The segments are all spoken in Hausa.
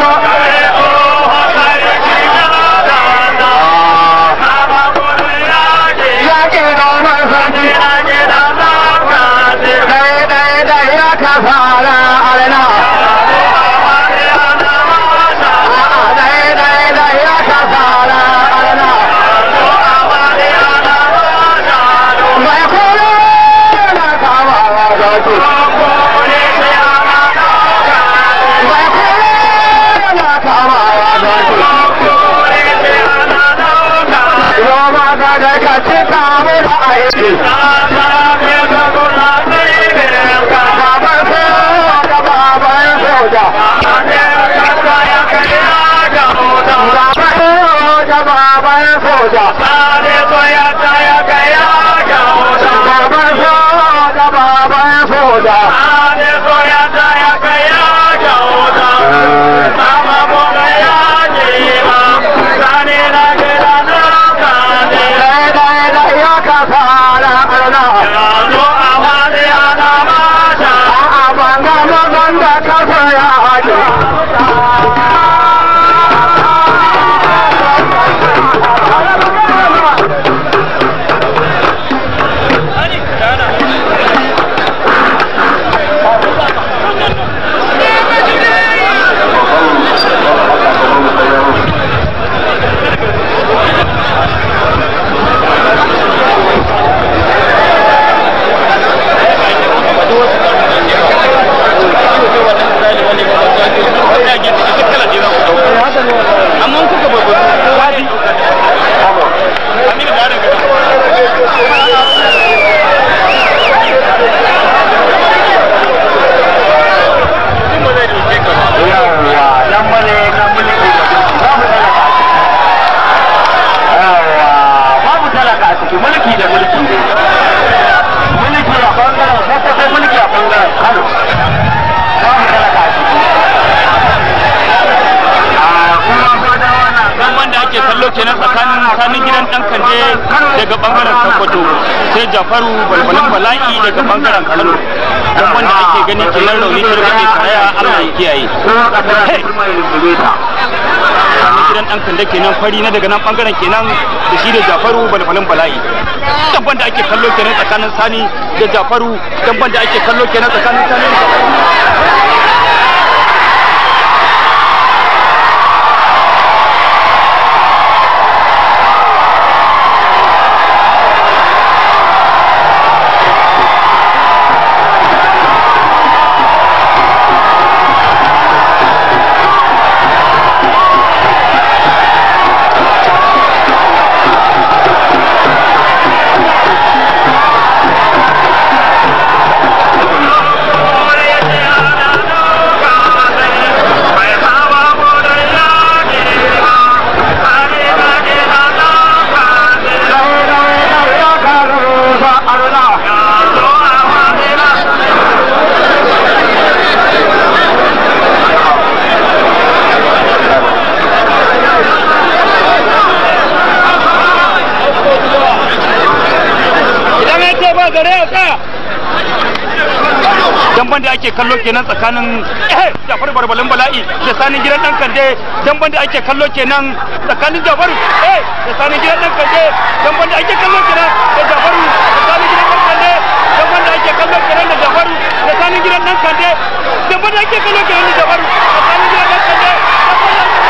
November i daga bangaren Sokoto sai Jafaru balbalin bala'i daga bangaren Kano don wanda ake gani kenan rauni ta rike karaya Allah ya kiyaye gidan dan kanda kenan fari na daga nan bangaren kenan da shi da Jafaru balbalin bala'i dan wanda ake kallo kenan tsakanin Sani da Jafaru dan wanda ake kallo kenan tsakanin Sani da Jafaru ake kallo kenan tsakanin eh, Jafar Barbalin Bala'i da sanin gidan dan Kande dan banda ake kallo kenan tsakanin Jafar eh da sanin gidan dan Kande dan banda ake kallo kenan da Jafar da sanin gidan dan Kande dan banda ake kallo kenan da Jafar da sanin gidan dan Kande dan banda ake kallo kenan da Jafar da sanin gidan dan Kande dan banda ake kallo kenan da Jafar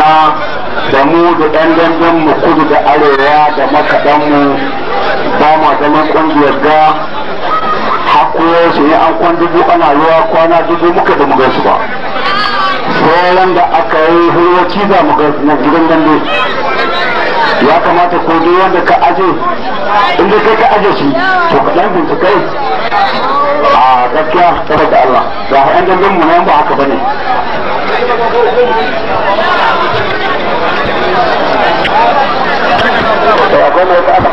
na da mu da ɗan dandan mu kudu da arewa da mu ba a zaman ƙungiyar ga hakuwa su yi an kwan dubu ana ruwa kwana dubu muka da mu gansu ba sauran da aka yi hulwaci za mu na gidan dambe ya kamata ko duk wanda ka aje inda kai ka aje shi to ka dan bincike a gaskiya tare da Allah ga ɗan dangin mu nan ba haka bane ka aka ya ka bada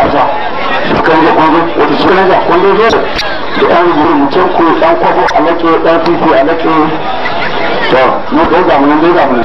je je a laƙe ɗan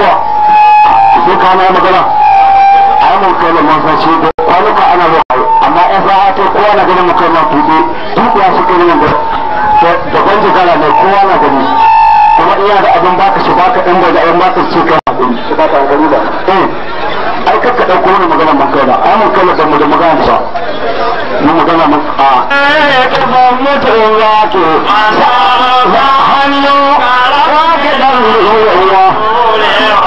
kuwa sai ka na magana a yi mun kai lamar sashi da kwanuka ana zuwa amma yan sa'a ta kowa na ganin mukai ma tuɗe tuɗe su kai da ban kowa na gani kuma iya da abin baka shi baka ɗan ɗan kai baka ai kakka magana mun kai a yi mun kai da magana ba magana mun a mutum ke hannu ɗan mulher.